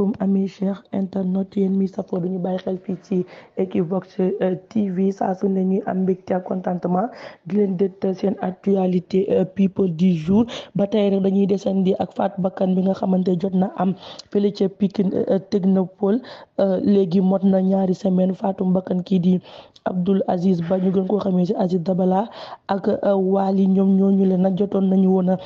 asalaamaaleykum ami cher internet yéen mi safoo duñu bàyyi xel fii ci Equivox euh, TV saa su ne am mbégte ak contentement di leen dégtal euh, people du jour ba tey rek dañuy desandi ak faat bakkan bi nga xamante jot na am fële ca Pikine euh, Technopole léegi mot na ñaari semaine faatum bakkan kii di Abdoul Aziz Ba ñu gën koo xamee ci Aziz Dabala ak Wali ñoom ñooñu leen nag jotoon nañu woon a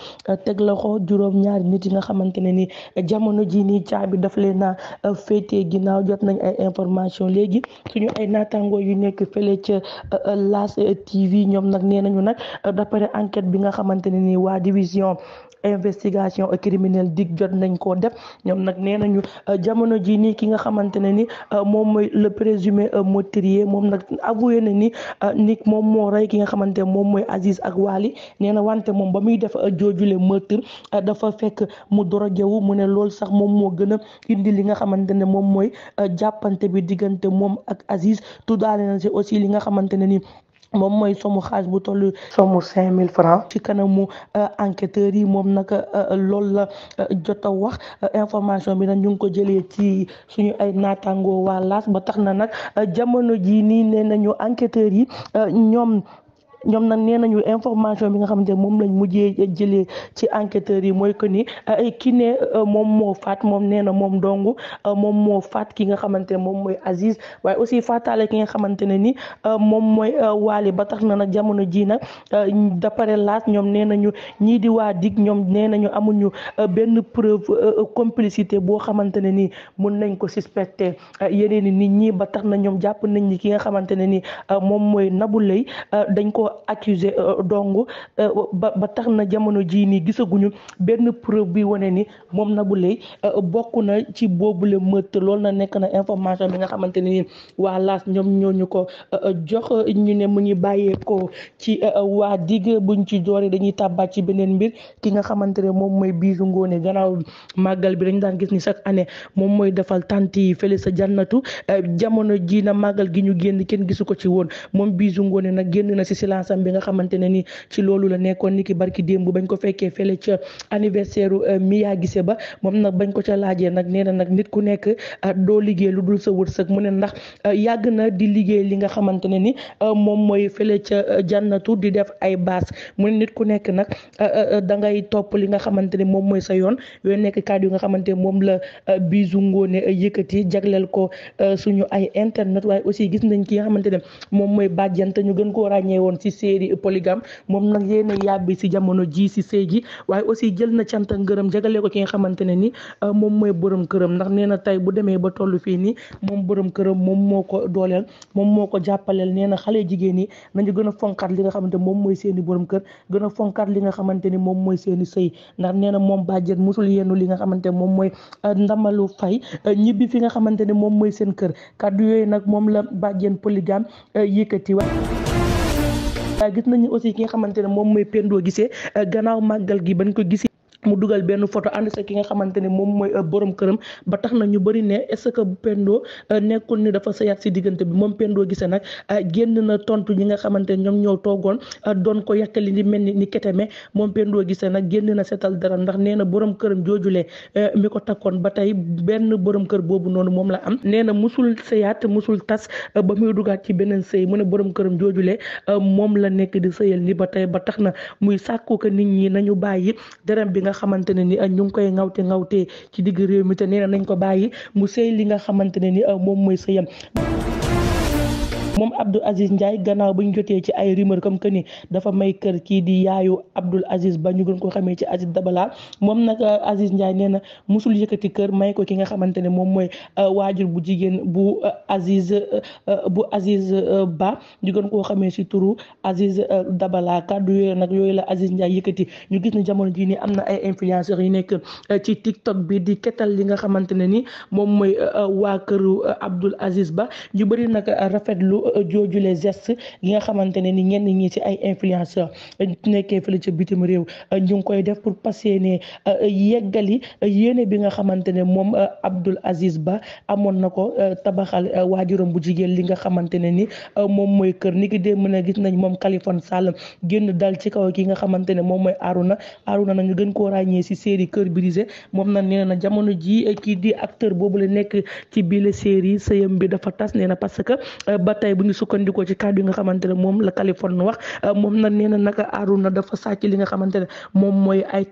juróom ñaari nit yi nga xamante ne ni jamono ji nii caabi daf leen a euh, ginnaaw jot nañ ay information léegi suñu ay naataangoo yu nekk fële ca euh, Las TV ñoom nag nee nañu nag euh, d'après enquête bi nga xamante ne nii waa division investigation criminelle dig jot nañ koo def ñoom nag nee nañu jamono ji nii ki nga xamante ne ni moom mooy le présumé meurtrier moom nag avoué na ni ni moom moo rey ki nga xamante moom mooy Aziz ak Wali nee na wante moom ba muy def joojule meurtre dafa fekk mu dorogewu mu ne loolu sax moom moo gën a indi li nga xamante ne moom mooy euh, jàppante bi diggante moom ak Aziz tuddaale na si aussi li nga xamante ne ni moom mooy somu xaas bu toll somu cinq mille francs ci kanamu euh, enquêteurs yi moom nag euh, loolu la jot a wax information bi nag ñu ngi ko jëlee ci suñu ay naataangoo waa laas ba tax na nag jamono ji nii nee nañu enquêteurs yi ñoom ñoom nan nee nañu information bi nga xamante ne moom lañ mujjee jëlee ci enquêteurs yi mooy que ni euh, ki ne euh, moom moo faat moom nee na moom dong euh, moom moo faat ki nga xamante ne moom mooy Aziz waaye aussi faataale ki nga xamante ne ni moom mooy Waly ba tax na nag jamono ji nag d'après laas ñoom nee nañu ñii di waa ñoom nee nañu amuñu benn preuve complicité boo xamante ne ni mën nañ ko suspecté yeneen i nit ñi ba tax na ñoom jàpp nañ ni ki nga xamante ne ni moom mooy Nabou Leye dañ ko accusé euh, dong euh, ba ba tax na jamono jii nii gisaguñu benn preuve bi wane ni moom Nabou Leye euh, bokk na ci boobule meurtre loolu na nekk na information bi nga xamante ne nii waa ñoom ñoo ñu ko jox ñu ne mu ngi bàyyeekoo ci waa digg buñ ci dooree dañuy tàbbaat ci beneen mbir ki nga xamante ne moom mooy biisu ngóone gannaaw màggal bi dañ daan gis ni chaque année moom mooy defal tànt yi fële sa jannatu jamono ji na màggal gi ñu génn kenn gisu ko ci woon moom biisu ngóone nag génn na si silence expérience am bi nga xamante ne ni ci loolu la nekkoon ni ki barki démb bañ ko fekkee fële ca anniversaire euh, Mia Guissé ba moom nag bañ ko ca laajee nag nee na nag nit ku nekk euh, doo liggéey lu dul sa wërsëg mu ne ndax euh, yàgg na di liggéey li nga xamante ne nii moom mooy fële ca jànnatu di def ay baas mu nit ku nekk nag da ngay topp li nga xamante ne moom mooy sa yoon yooyu nekk kàddu yi nga xamante ne moom la bisu ngoone yëkkati jagleel ko suñu ay internet waaye aussi nañ ki nga mooy bàjjan te ñu gën koo ràññee woon ci série polygame moom nag yéen a yàbbi si jamono ji si sëy ji waaye aussi jël na cant ak ngërëm jagale ko ki nga xamante ne ni euh, moom mooy borom këram ndax nee na tey bu demee ba toll fii nii moom borom këram moom moo ko dooleel moom moo ko jàppaleel nee na xale jigéen ñi nañu gën a li nga xamante moom mooy seeni borom kër gën a fonkaat li nga xamante ni moom mooy seeni sëy ndax nee na moom bàjjen musul yennu li nga xamante moom mooy euh, ndamalu fay euh, ñibbi fi nga xamante ne moom mooy seen kër kàddu yooyu nag moom la bàjjen polygame yëkkati wa waaye gis nañu aussi ki nga xamante ne moom mooy Pendo Guissé gannaaw màggal gi bañ ko gis mu dugal benn photo ànd sa ki nga xamante ne moom mooy euh, borom këram ba tax na ñu bari ne est-ce pendoo Pendo euh, nekkul ni dafa sëyaat si diggante bi moom pendoo gisee nag euh, génn na tontu ñi nga xamante ne ñoom ñoo toogoon doon ko yàkkali li mel ni ni keteme moom Pendo gisee nag génn na seetal dara ndax nee na borom këram joojule mi ko takkoon ba tey benn borom kër boobu noonu moom la am nee na musul sëyaat musul tas ba muy dugaat ci beneen sëy mu ne borom këram joojule moom la nekk di sëyal ni ba tey ba tax na muy sàkku ko nit ñi nañu bàyyi dërëm bi nga xamante ne ni ah, ñu ngi koy ŋawte ŋawtee ci digg réew mi te nee nañ ko bàyyi mu sëy li nga xamante ne ni ah, moom mooy sëyam moom Abdou Aziz Ndiaye gannaaw ba ñu jotee ci ay rumeur comme que ni dafa may kër kii di yaayu Abdoul Aziz ba ñu gën koo xamee ci Aziz Dabala moom nag euh, Aziz Ndiaye na musul yëkkati kër may ko ki nga xamante ne moom mooy euh, waajur bu jigéen bu euh, Aziz bu Aziz Ba ñu gën koo xamee si turu Aziz Dabala kàddu yooyu nag yooyu la Aziz Ndiaye yëkkati ñu gis ni jamono jii nii am na ay influenceurs yu nekk ci TikTok bi di ketal li nga xamante ne ni moom mooy waa këru Abdoul Aziz Ba ñu bëri nag rafetlu. Euh, jooju les gestes yi nga xamante ne ni ñenn ñi ci ay influenceurs euh, nekkee fële ca bitim réew euh, ñu ngi koy def pour passer ne yeggali yéene bi nga xamante ne moom Abdoul Aziz Ba amoon na ko tabaxal waajuram bu jigéen li nga xamante ne ni moom mooy kër ni ki dee mën a gis nañ moom Kaliphone Sall génn dal ci kaw ki nga xamante ne moom mooy Arona Arona nañu gën koo ràññee si série kër brisé moom nag nee na jamono ji kii di acteur boobu la nekk ci biir série sëyam bi dafa tas nee na parce que ba waaye bu ñu sukkandikoo ci kàddu yi nga xamante ne moom la Californie wax euh, moom nag nee na naka Arona dafa sàcc li nga xamante ne moom mooy ay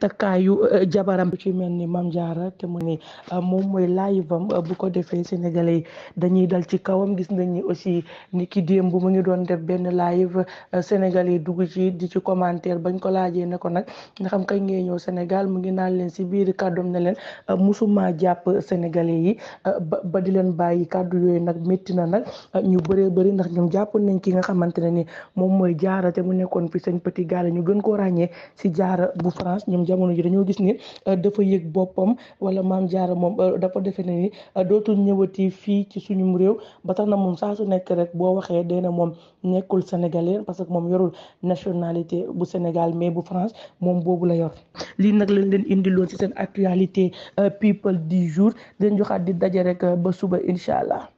yu euh, jabaram bu ci mel ni Mame Diarra te mu ne euh, moom mooy laayibam bu ko defee sénégalais yi dañuy dal ci kawam gis nañ ni aussi ni ki démb mu ngi doon def benn live sénégalais yi dugg ci di ci commentaire bañ ko laajee ne ko nag nga xam kañ ngay ñëw Sénégal mu ngi naan leen si biir kàddoom ne leen musuma jàpp sénégalais yi ba di leen bàyyi kàddu yooyu nag métti na nag ñu bëree bëri ndax ñoom jàppoon nañ ki nga xamante ne ni moom mooy jaara te mu nekkoon fi sëñ Petit Gallé ñu gën koo ràññee si jaar bu France ñoom jamono ji dañoo gis ni euh, dafa yëg boppam wala maam jaara moom euh, dafa defe ne ni euh, dootul ñëwati fii ci suñum réew ba tax na moom saa su nekk rek boo waxee dee na moom nekkul sénégalais parce que moom yorul nationalité bu Sénégal mais bu France moom boobu la yor lii nag lañ leen indiloon ci seen actualité people du jours den joxaat di daje rek ba suba incha allah